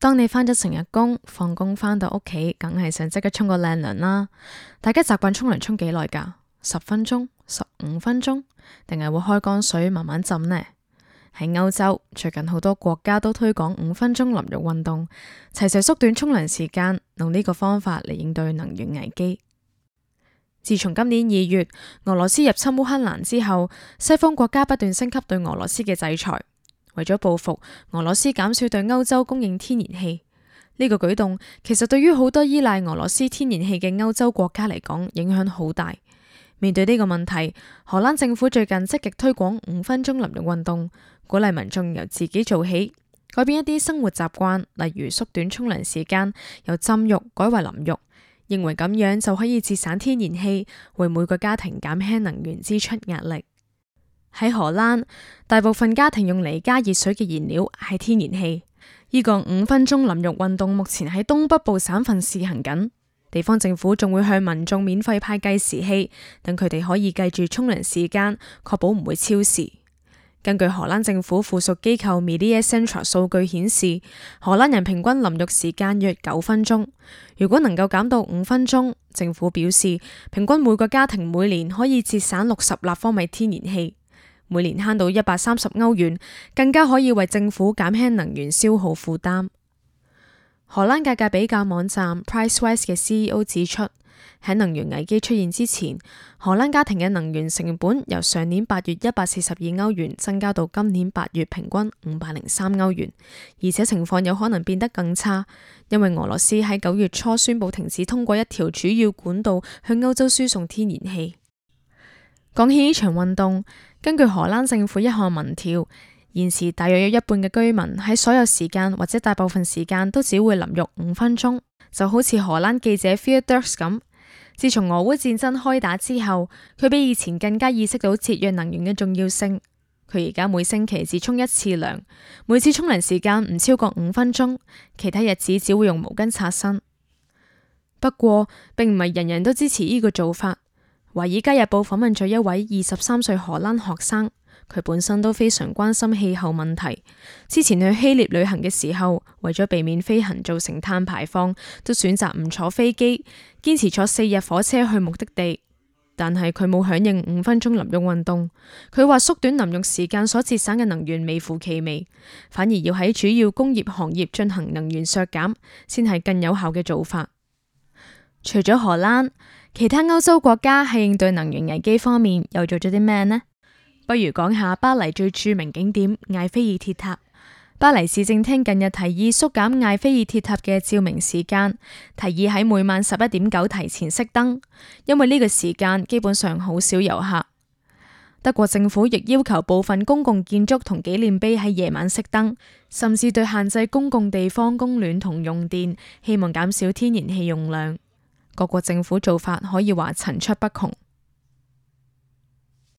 當你返咗成日工，放工返到屋企，梗係想即刻沖個靚涼啦。大家習慣沖涼沖幾耐㗎？十分鐘、十五分鐘，定係會開干水慢慢浸呢？喺歐洲，最近好多國家都推廣五分鐘淋浴運動，齊齊縮短沖涼時間，用呢個方法嚟應對能源危機。自從今年二月俄羅斯入侵烏克蘭之後，西方國家不斷升級對俄羅斯嘅制裁。為咗報復，俄羅斯減少對歐洲供應天然氣，呢個舉動其實對於好多依賴俄羅斯天然氣嘅歐洲國家嚟講，影響好大。面對呢個問題，荷蘭政府最近積極推廣五分鐘淋浴運動，鼓勵民眾由自己做起，改變一啲生活習慣，例如縮短沖涼時間，由浸浴改為淋浴，認為咁樣就可以節省天然氣，為每個家庭減輕能源支出壓力。喺荷蘭，大部分家庭用嚟加熱水嘅燃料係天然氣。呢個五分鐘淋浴運動目前喺東北部省份試行緊，地方政府仲會向民眾免費派計時器，等佢哋可以計住沖涼時間，確保唔會超時。根據荷蘭政府附屬機構 Media Central 數據顯示，荷蘭人平均淋浴時間約九分鐘。如果能夠減到五分鐘，政府表示，平均每個家庭每年可以節省六十立方米天然氣。每年慳到一百三十歐元，更加可以為政府減輕能源消耗負擔。荷蘭價格比較網站 Pricewise 嘅 CEO 指出，喺能源危機出現之前，荷蘭家庭嘅能源成本由上年八月一百四十二歐元增加到今年八月平均五百零三歐元，而且情況有可能變得更差，因為俄羅斯喺九月初宣布停止通過一條主要管道向歐洲輸送天然氣。講起呢場運動，根據荷蘭政府一項民調，現時大約有一半嘅居民喺所有時間或者大部分時間都只會淋浴五分鐘，就好似荷蘭記者 Theo Dux 咁。自從俄烏戰爭開打之後，佢比以前更加意識到節約能源嘅重要性。佢而家每星期只沖一次涼，每次沖涼時間唔超過五分鐘，其他日子只會用毛巾擦身。不過，並唔係人人都支持呢個做法。《華爾街日報》訪問咗一位二十三歲荷蘭學生，佢本身都非常關心氣候問題。之前去希臘旅行嘅時候，為咗避免飛行造成碳排放，都選擇唔坐飛機，堅持坐四日火車去目的地。但係佢冇響應五分鐘淋浴運動。佢話縮短淋浴時間所節省嘅能源微乎其微，反而要喺主要工業行業進行能源削減，先係更有效嘅做法。除咗荷蘭，其他歐洲國家喺應對能源危機方面又做咗啲咩呢？不如講下巴黎最著名景點艾菲爾鐵塔。巴黎市政廳近日提議縮減艾菲爾鐵塔嘅照明時間，提議喺每晚十一點九提前熄燈，因為呢個時間基本上好少遊客。德國政府亦要求部分公共建築同紀念碑喺夜晚熄燈，甚至對限制公共地方供暖同用電，希望減少天然氣用量。各國政府做法可以話層出不窮。